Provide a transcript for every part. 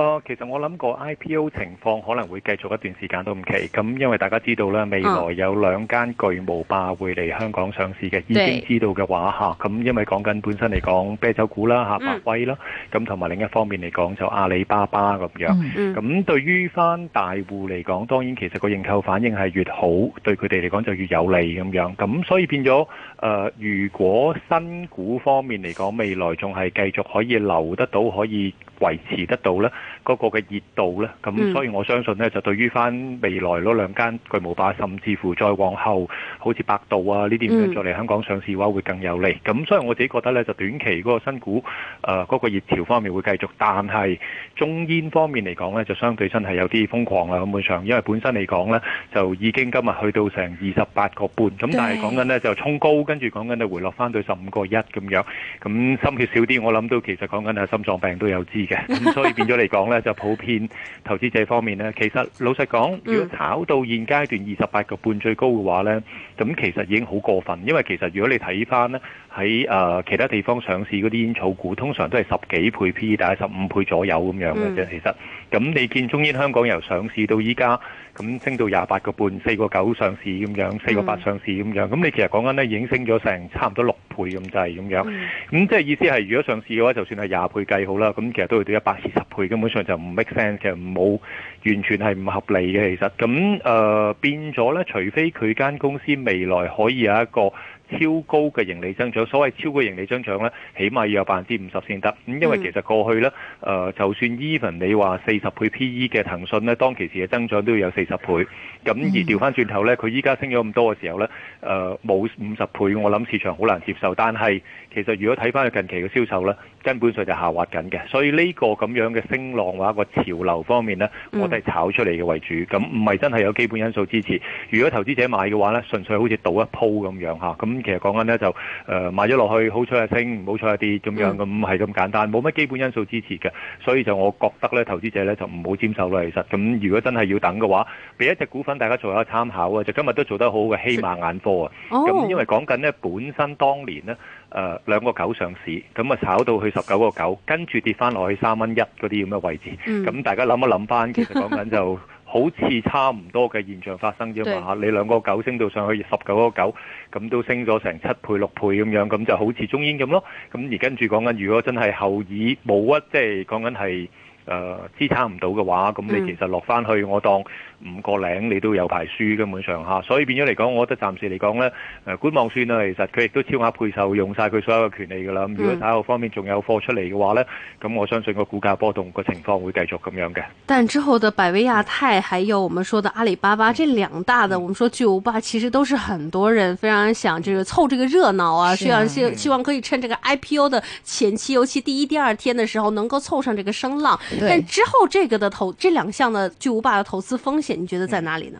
哦，其實我諗過 IPO 情況可能會繼續一段時間都唔奇，咁因為大家知道啦，未來有兩間巨無霸會嚟香港上市嘅，已經知道嘅話嚇，咁因為講緊本身嚟講啤酒股啦嚇，百威啦，咁同埋另一方面嚟講就阿里巴巴咁樣，咁對於翻大戶嚟講，當然其實個認購反應係越好，對佢哋嚟講就越有利咁樣，咁所以變咗誒，如果新股方面嚟講，未來仲係繼續可以留得到，可以維持得到啦。嗰個嘅熱度呢，咁所以我相信呢，就對於翻未來嗰兩間巨無霸，甚至乎再往後，好似百度啊呢啲咁樣再嚟香港上市嘅話，會更有利。咁所以我自己覺得呢，就短期嗰個新股誒嗰個熱潮方面會繼續，但係中煙方面嚟講呢，就相對真係有啲瘋狂啦。咁本上，因為本身嚟講呢，就已經今日去到成二十八個半，咁但係講緊呢，就衝高，跟住講緊你回落翻到十五個一咁樣。咁心血少啲，我諗到其實講緊係心臟病都有知嘅，咁所以變咗嚟講。 講咧就普遍投資者方面咧，其實老實講，如果炒到現階段二十八個半最高嘅話咧，咁其實已經好過分，因為其實如果你睇翻咧。喺誒、呃、其他地方上市嗰啲煙草股，通常都係十幾倍 P，大概十五倍左右咁樣嘅啫。Mm. 其實，咁你見中煙香港由上市到依家，咁升到廿八個半、四個九上市咁樣，四個八上市咁樣，咁、mm. 你其實講緊呢已經升咗成差唔多六倍咁滯咁樣。咁、就是 mm. 即係意思係，如果上市嘅話，就算係廿倍計好啦，咁其實都去到一百二十倍，根本上就唔 make sense，其實冇完全係唔合理嘅。其實，咁誒、呃、變咗呢，除非佢間公司未來可以有一個超高嘅盈利增長，所謂超高盈利增長呢，起碼要有百分之五十先得。咁因為其實過去呢，mm. 呃、就算 even 你話四十倍 P/E 嘅騰訊呢，當其時嘅增長都要有四十倍。咁而調返轉頭呢，佢依家升咗咁多嘅時候呢，呃，冇五十倍，我諗市場好難接受。但係，其實如果睇翻佢近期嘅銷售咧，根本上就下滑緊嘅。所以呢個咁樣嘅升浪或者潮流方面咧，我都係炒出嚟嘅為主。咁唔係真係有基本因素支持。如果投資者買嘅話咧，純粹好似賭一鋪咁樣嚇。咁、啊、其實講緊咧就誒、呃、買咗落去，好彩一升，唔好彩一跌咁樣，咁係咁簡單，冇乜基本因素支持嘅。所以就我覺得咧，投資者咧就唔好沾手啦。其實咁，如果真係要等嘅話，俾一隻股份大家做下參考啊。就今日都做得好好嘅希馬眼科啊。哦。咁因為講緊呢，本身當年呢。誒、呃、兩個九上市，咁啊炒到去十九個九，跟住跌翻落去三蚊一嗰啲咁嘅位置。咁、嗯、大家諗一諗翻，其實講緊就好似差唔多嘅現象發生啫嘛對你兩個九升到上去十九個九，咁都升咗成七倍六倍咁樣，咁就好似中英咁咯。咁而跟住講緊，如果真係後以冇屈，即係講緊係誒支撐唔到嘅話，咁你其實落翻去，我當。五個零你都有排輸，根本上嚇，所以變咗嚟講，我覺得暫時嚟講咧，誒觀望算啦。其實佢亦都超額配售用晒佢所有嘅權利噶啦。咁、嗯、如果下一個方面仲有貨出嚟嘅話呢，咁我相信個股價波動個情況會繼續咁樣嘅。但之後的百威亞太，還有我們說的阿里巴巴，嗯、這兩大的，嗯、我們說巨無霸，其實都是很多人非常想，就是湊這個熱鬧啊，是想、啊、希希望可以趁這個 IPO 的前期，尤其第一、第二天的時候，能夠湊上這個聲浪。對但之後這個的投，這兩項的巨無霸的投資風險。你覺得在哪裏呢？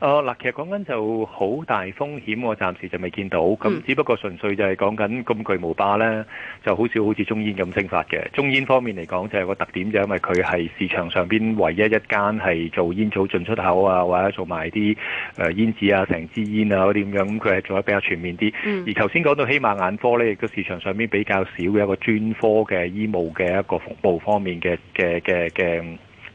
嗱、嗯呃，其實講緊就好大風險，我暫時就未見到。咁只不過純粹就係講緊咁巨無霸呢，就好少好似中煙咁蒸發嘅。中煙方面嚟講，就係個特點就係因為佢係市場上邊唯一一間係做煙草進出口啊，或者做埋啲誒煙紙啊、成支煙啊嗰啲咁樣，咁佢係做得比較全面啲。嗯、而頭先講到希瑪眼科呢，亦都市場上邊比較少嘅一個專科嘅醫務嘅一個服務方面嘅嘅嘅嘅。誒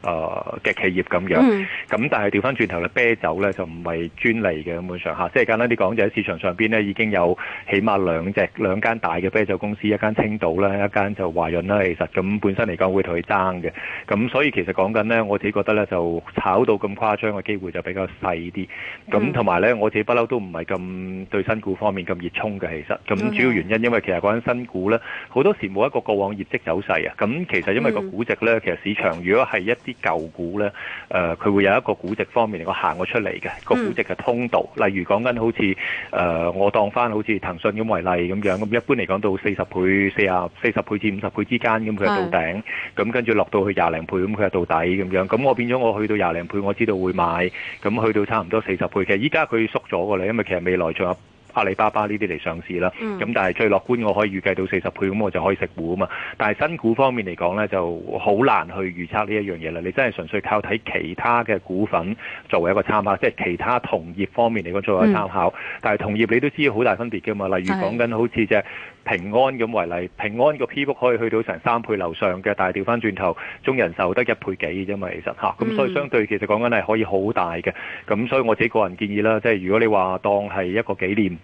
嘅、uh, 企業咁樣，咁、mm. 但係調翻轉頭咧，啤酒咧就唔係專利嘅咁上下，即係簡單啲講，就喺市場上邊咧已經有起碼兩隻兩間大嘅啤酒公司，一間青島啦，一間就華潤啦。其實咁本身嚟講會同佢爭嘅，咁所以其實講緊呢，我自己覺得咧就炒到咁誇張嘅機會就比較細啲。咁同埋咧，我自己不嬲都唔係咁對新股方面咁熱衷嘅，其實咁主要原因，因為其實講緊新股咧，好多時冇一個過往業績走勢啊。咁其實因為個估值咧，mm. 其實市場如果係一啲舊股咧，誒、呃、佢會有一個估值方面嚟講行咗出嚟嘅、嗰個估值嘅通道，嗯、例如講緊好似誒、呃、我當翻好似騰訊咁為例咁樣，咁一般嚟講到四十倍、四廿、四十倍至五十倍之間咁佢係到頂，咁跟住落到去廿零倍咁佢係到底咁樣，咁我變咗我去到廿零倍我知道會買，咁去到差唔多四十倍嘅，依家佢縮咗㗎啦，因為其實未來仲有。阿里巴巴呢啲嚟上市啦，咁、嗯、但係最樂觀我可以預計到四十倍，咁我就可以食糊啊嘛。但係新股方面嚟講呢，就好難去預測呢一樣嘢啦。你真係純粹靠睇其他嘅股份作為一個參考，即係其他同業方面嚟講作為一個參考。嗯、但係同業你都知好大分別嘅嘛。例如講緊好似隻平安咁為例，平安個 PB 可以去到成三倍樓上嘅，但係調翻轉頭，中人壽得一倍幾啫嘛。其實嚇，咁、啊、所以相對其實講緊係可以好大嘅。咁所以我自己個人建議啦，即係如果你話當係一個紀念。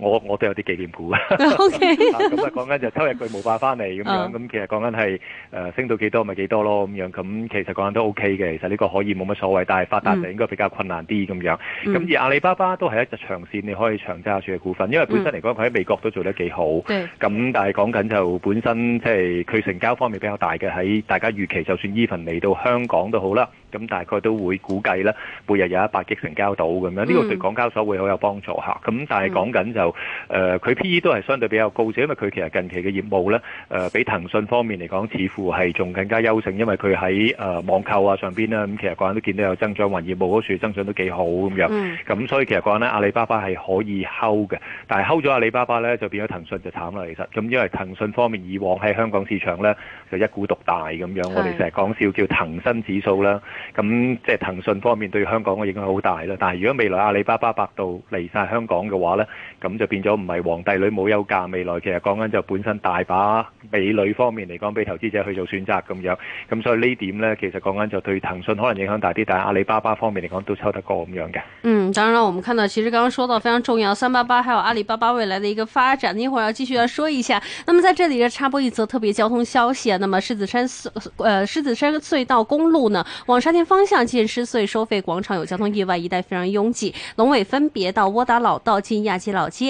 我我都有啲紀念股啊，OK，咁啊講緊就抽日佢冇辦法翻嚟咁樣，咁其實講緊係誒升到幾多咪幾多咯咁樣，咁其實講緊都 OK 嘅，其實呢個可以冇乜所謂，但係發達就應該比較困難啲咁樣。咁而阿里巴巴都係一隻長線，你可以長揸住嘅股份，因為本身嚟講佢喺美國都做得幾好，咁但係講緊就本身即係佢成交方面比較大嘅，喺大家預期就算 even 嚟到香港都好啦，咁大概都會估計啦，每日有一百億成交到咁樣，呢個對港交所會好有幫助吓。咁但係講緊就。誒佢、呃、P/E 都係相對比較高，只因為佢其實近期嘅業務咧，誒、呃、比騰訊方面嚟講，似乎係仲更加優勝，因為佢喺誒網購啊上邊咧，咁、嗯、其實個人都見到有增長，雲業務嗰處增長都幾好咁樣。咁、mm. 嗯、所以其實講咧，阿里巴巴係可以睺嘅，但係睺咗阿里巴巴咧，就變咗騰訊就慘啦。其實咁，因為騰訊方面以往喺香港市場咧就一股獨大咁樣，mm. 我哋成日講笑叫騰新指數啦。咁即係騰訊方面對香港嘅影響好大啦。但係如果未來阿里巴巴、百度嚟晒香港嘅話咧，咁就變咗唔係皇帝女冇休假，未來其實講緊就本身大把美女方面嚟講，俾投資者去做選擇咁樣，咁所以呢點呢？其實講緊就對騰訊可能影響大啲，但係阿里巴巴方面嚟講都抽得過咁樣嘅。嗯，當然啦，我們看到其實剛剛說到非常重要，三八八還有阿里巴巴未來的一個發展，一會兒要繼續要說一下。那麼在這裡呢插播一則特別交通消息啊，那麼獅子山隧，呃獅子山隧道公路呢往沙田方向進獅隧收費廣場有交通意外，一帶非常擁擠。龍尾分別到窩打老道、進亞皆老街。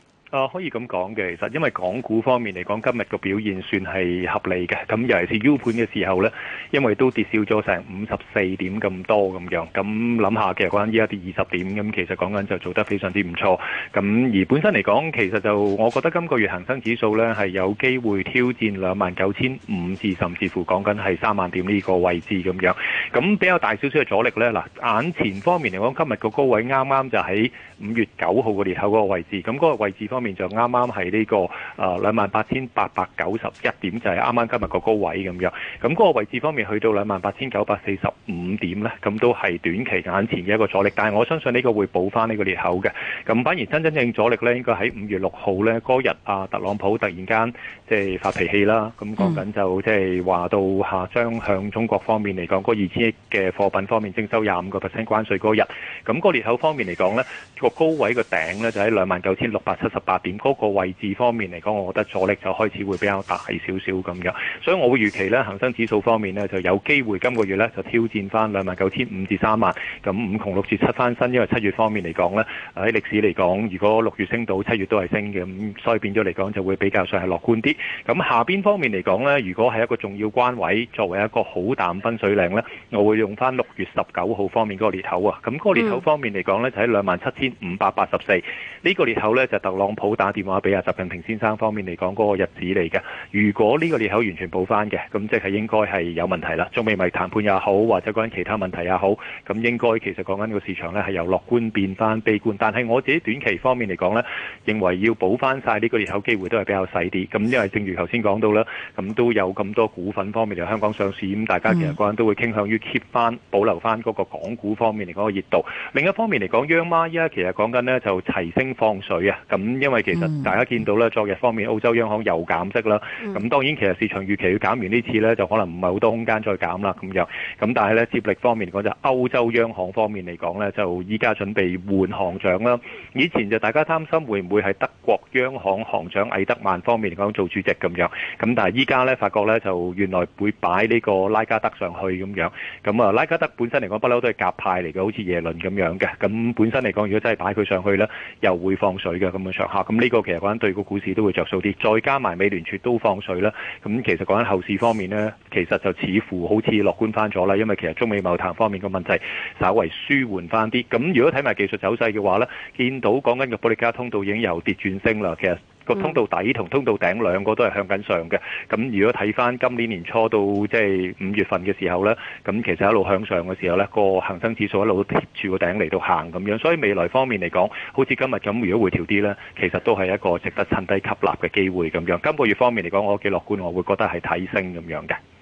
啊，可以咁講嘅，其實因為港股方面嚟講，今日個表現算係合理嘅。咁尤其是 U 盤嘅時候呢，因為都跌少咗成五十四點咁多咁樣。咁諗下其實講緊依家跌二十點咁，其實講緊就做得非常之唔錯。咁而本身嚟講，其實就我覺得今個月恒生指數呢係有機會挑戰兩萬九千五至甚至乎講緊係三萬點呢個位置咁樣。咁比較大少少嘅阻力呢，嗱眼前方面嚟講，今日個高位啱啱就喺五月九號個裂口嗰個位置。咁嗰個位置方，面就啱啱係呢個誒兩萬八千八百九十一點，就係啱啱今日個高位咁樣。咁嗰個位置方面，去到兩萬八千九百四十五點呢，咁都係短期眼前嘅一個阻力。但係我相信呢個會補翻呢個裂口嘅。咁反而真真正阻力呢，應該喺五月六號呢嗰日，阿、啊、特朗普突然間即係發脾氣啦。咁講緊就即係話到下將、啊、向中國方面嚟講，嗰二千億嘅貨品方面徵收廿五個 percent 關稅嗰日。咁個裂口方面嚟講呢，個高位個頂呢，就喺兩萬九千六百七十八。啊點嗰個位置方面嚟講，我覺得阻力就開始會比較大少少咁樣，所以我會預期呢恒生指數方面呢，就有機會今個月呢就挑戰翻兩萬九千五至三萬，咁五窮六絕七翻身，因為七月方面嚟講呢，喺歷史嚟講，如果六月升到七月都係升嘅，咁所以變咗嚟講就會比較上係樂觀啲。咁下邊方面嚟講呢，如果係一個重要關位，作為一個好淡分水嶺呢，我會用翻六月十九號方面嗰個裂口啊，咁嗰個裂口方面嚟講呢，就喺兩萬七千五百八十四，呢個裂口呢，就特朗普好打電話俾阿習近平先生方面嚟講，嗰個日子嚟嘅。如果呢個裂口完全補翻嘅，咁即係應該係有問題啦。中美咪談判也好，或者講緊其他問題也好，咁應該其實講緊個市場呢係由樂觀變翻悲觀。但係我自己短期方面嚟講呢，認為要補翻晒呢個裂口機會都係比較細啲。咁因為正如頭先講到啦，咁都有咁多股份方面就香港上市，咁大家其實個人都會傾向於 keep 翻保留翻嗰個港股方面嚟講個熱度。另一方面嚟講，央媽依家其實講緊呢就齊升放水啊，咁因為其實大家見到咧，昨日方面歐洲央行又減息啦。咁當然其實市場預期要減完呢次咧，就可能唔係好多空間再減啦。咁樣咁但係咧接力方面嚟講，就歐洲央行方面嚟講咧，就依家準備換行長啦。以前就大家擔心會唔會係德國央行行長魏德曼方面嚟講做主席咁樣，咁但係依家咧發覺咧就原來會擺呢個拉加德上去咁樣。咁啊，拉加德本身嚟講不嬲都係夾派嚟嘅，好似耶倫咁樣嘅。咁本身嚟講，如果真係擺佢上去咧，又會放水嘅咁樣上。嚇，咁呢個其實講緊對個股市都會着數啲，再加埋美聯儲都放水啦，咁其實講緊後市方面呢，其實就似乎好似樂觀翻咗啦，因為其實中美貿談方面嘅問題稍為舒緩翻啲，咁如果睇埋技術走勢嘅話呢，見到講緊嘅保歷加通道已經由跌轉升啦，其實。個通道底同通道頂兩個都係向緊上嘅，咁如果睇翻今年年初到即係五月份嘅時候咧，咁其實一路向上嘅時候咧，個恆生指數一路都貼住個頂嚟到行咁樣，所以未來方面嚟講，好似今日咁如果回調啲咧，其實都係一個值得趁低吸納嘅機會咁樣。今個月方面嚟講，我幾樂觀，我會覺得係睇升咁樣嘅。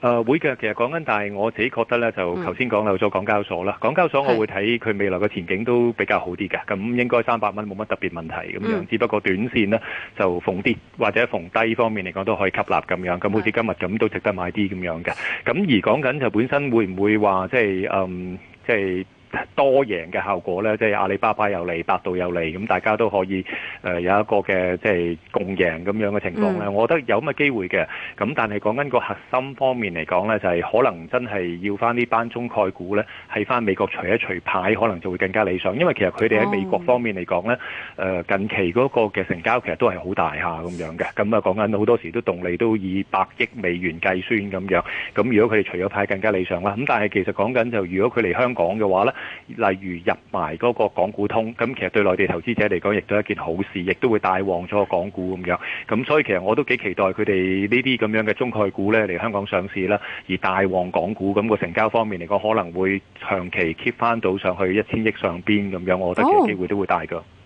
誒、呃、會嘅，其實講緊，但係我自己覺得咧，就頭先講漏咗港交所啦，嗯、港交所我會睇佢未來嘅前景都比較好啲嘅，咁是應該三百蚊冇乜特別問題樣，咁樣、嗯、只不過短線呢就逢跌或者逢低方面嚟講都可以吸納咁樣，咁好似今日咁都值得買啲咁樣嘅，咁是而講緊就本身會唔會話即係嗯即係。多贏嘅效果呢，即、就、係、是、阿里巴巴又嚟，百度又嚟，咁、嗯、大家都可以誒、呃、有一個嘅即係共贏咁樣嘅情況呢、mm. 我覺得有咁嘅機會嘅，咁但係講緊個核心方面嚟講呢，就係、是、可能真係要翻呢班中概股呢，喺翻美國除一除牌，可能就會更加理想。因為其實佢哋喺美國方面嚟講呢、oh. 呃，近期嗰個嘅成交其實都係好大下咁樣嘅。咁啊講緊好多時都動力都以百億美元計算咁樣。咁、嗯、如果佢哋除咗牌更加理想啦。咁、嗯、但係其實講緊就如果佢嚟香港嘅話呢。例如入埋嗰個港股通，咁其實對內地投資者嚟講，亦都係一件好事，亦都會帶旺咗個港股咁樣。咁所以其實我都幾期待佢哋呢啲咁樣嘅中概股呢嚟香港上市啦，而大旺港股咁個成交方面嚟講，可能會長期 keep 翻到上去一千億上邊咁樣，我覺得嘅機會都會大噶。Oh.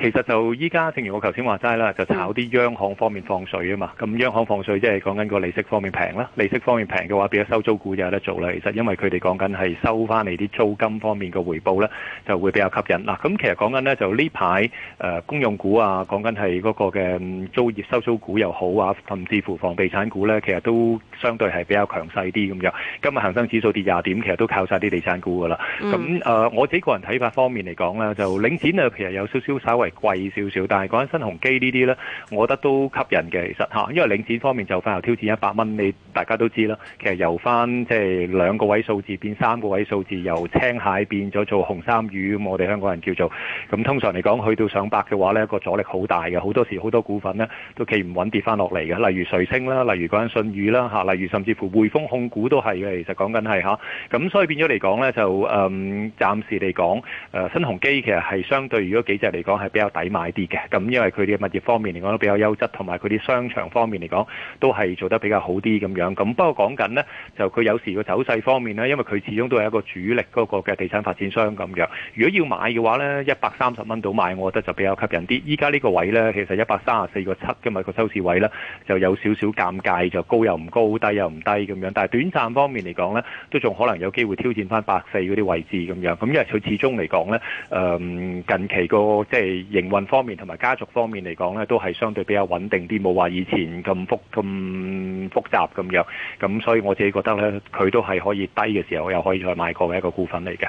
其實就依家，正如我頭先話齋啦，就炒啲央行方面放水啊嘛。咁央行放水即係講緊個利息方面平啦，利息方面平嘅話，比較收租股就有得做啦。其實因為佢哋講緊係收翻你啲租金方面嘅回報咧，就會比較吸引嗱。咁其實講緊咧就呢排誒公用股啊，講緊係嗰個嘅租業收租股又好啊，甚至乎房地產股咧，其實都相對係比較強勢啲咁樣。今日恒生指數跌廿點，其實都靠曬啲地產股噶啦。咁誒，我自己個人睇法方面嚟講咧，就領展啊，其實有少少稍微。貴少少，但係講緊新鴻基呢啲咧，我覺得都吸引嘅，其實嚇，因為領展方面就快又挑戰一百蚊，你大家都知啦。其實由翻即係兩個位數字變三個位數字，由青蟹變咗做紅衫魚咁，我哋香港人叫做咁。通常嚟講，去到上百嘅話咧，個阻力好大嘅，好多時好多股份咧都企唔穩跌翻落嚟嘅。例如瑞星啦，例如講緊信譽啦嚇，例如甚至乎匯豐控股都係嘅。其實講緊係嚇，咁所以變咗嚟講咧，就嗯暫時嚟講，誒新鴻基其實係相對如果幾隻嚟講係。比較抵買啲嘅，咁因為佢哋嘅物業方面嚟講都比較優質，同埋佢啲商場方面嚟講都係做得比較好啲咁樣。咁不過講緊呢，就佢有時個走勢方面呢，因為佢始終都係一個主力嗰個嘅地產發展商咁樣。如果要買嘅話呢，一百三十蚊到買，我覺得就比較吸引啲。依家呢個位呢，其實一百三十四個七嘅嘛，個收市位呢，就有少少尷尬，就高又唔高，低又唔低咁樣。但係短暫方面嚟講呢，都仲可能有機會挑戰翻百四嗰啲位置咁樣。咁因為佢始終嚟講呢，誒近期個即係營運方面同埋家族方面嚟講呢，都係相對比較穩定啲，冇話以前咁複咁複雜咁樣。咁所以我自己覺得呢，佢都係可以低嘅時候又可以再買過嘅一個股份嚟嘅。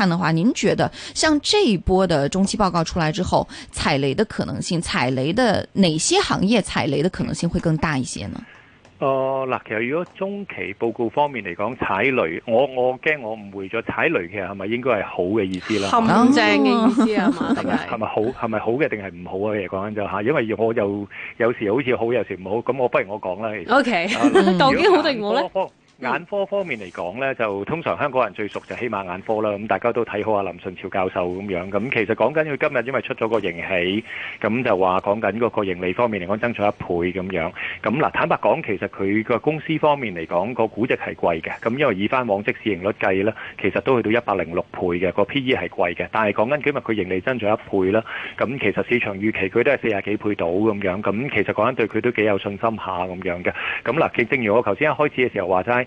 看的話，您覺得像這一波的中期報告出來之後，踩雷的可能性，踩雷的哪些行業踩雷的可能性會更大一些呢？哦，嗱，其實如果中期報告方面嚟講踩雷，我我驚我誤會咗踩雷嘅，係咪應該係好嘅意思啦？咁正嘅意思啊，係咪係咪好係咪好嘅定係唔好啊？嘢講緊就吓，因為我又有，有時好似好，有時唔好，咁我不如我講啦，其實。O K，究竟好定唔好咧？眼科方面嚟講呢，就通常香港人最熟就希瑪眼科啦。咁、嗯、大家都睇好阿林順潮教授咁樣。咁、嗯、其實講緊佢今日因為出咗個盈喜，咁、嗯、就話講緊嗰個盈利方面嚟講增長一倍咁樣。咁、嗯、嗱、啊，坦白講，其實佢個公司方面嚟講、個估值係貴嘅。咁、嗯、因為以翻往績市盈率計咧，其實都去到一百零六倍嘅、個 P E 係貴嘅。但係講緊今日佢盈利增長一倍啦，咁、嗯嗯、其實市場預期佢都係四十幾倍到咁樣。咁、嗯嗯、其實講緊對佢都幾有信心下咁樣嘅。咁、嗯、嗱、啊，正如我頭先一開始嘅時候話齋。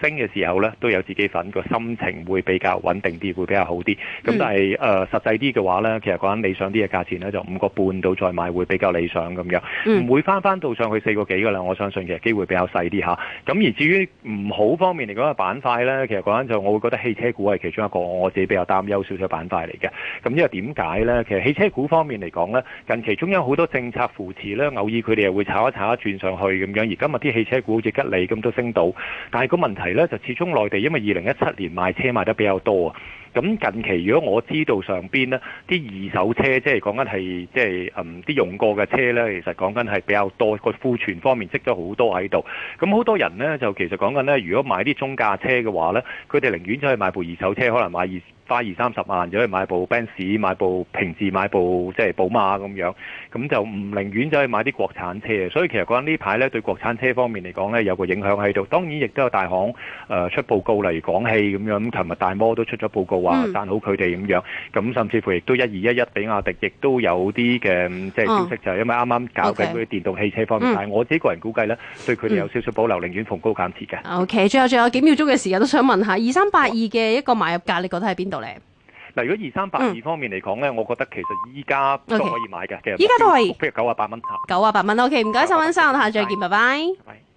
升嘅時候呢，都有自己份個心情會比較穩定啲，會比較好啲。咁但係誒、呃、實際啲嘅話呢，其實講緊理想啲嘅價錢呢，就五個半到再買會比較理想咁樣，唔、嗯、會翻翻到上去四個幾噶啦。我相信其實機會比較細啲嚇。咁而至於唔好方面嚟講嘅板塊呢，其實講緊就我會覺得汽車股係其中一個我自己比較擔憂少少板塊嚟嘅。咁因為點解呢？其實汽車股方面嚟講呢，近期中央好多政策扶持呢，偶爾佢哋又會炒一、炒一炒一轉上去咁樣。而今日啲汽車股好似吉利咁都升到，但係個問題係咧，就始終內地因為二零一七年賣車賣得比較多啊。咁近期如果我知道上邊咧啲二手車，即係講緊係即係嗯，啲用過嘅車呢，其實講緊係比較多個庫存方面積咗好多喺度。咁好多人呢，就其實講緊呢，如果買啲中價車嘅話呢，佢哋寧願就去買部二手車，可能買二。花二三十萬走去買部 Benz、買部平治買部、買部即係寶馬咁樣，咁就唔寧願走去買啲國產車。所以其實講呢排咧對國產車方面嚟講咧有個影響喺度，當然亦都有大行誒、呃、出報告嚟如廣汽咁樣，咁琴日大摩都出咗報告話讚好佢哋咁樣，咁甚至乎亦都一二一一比亞迪，亦都有啲嘅即係消息，嗯嗯、就係因為啱啱搞緊嗰啲電動汽車方面。嗯、但係我自己個人估計咧，嗯、對佢哋有少少保留，寧願逢高減持嘅、嗯。OK，最後最後幾秒鐘嘅時間都想問下，二三八二嘅一個買入價，你覺得喺邊度？嗱，嗯、如果二三百二方面嚟講咧，我覺得其實依家都可以買嘅。依家 Okay, 都可以，即係九啊八蚊，九啊八蚊。O K，唔該晒溫生，okay, 謝謝下，再見，拜拜。拜拜拜拜。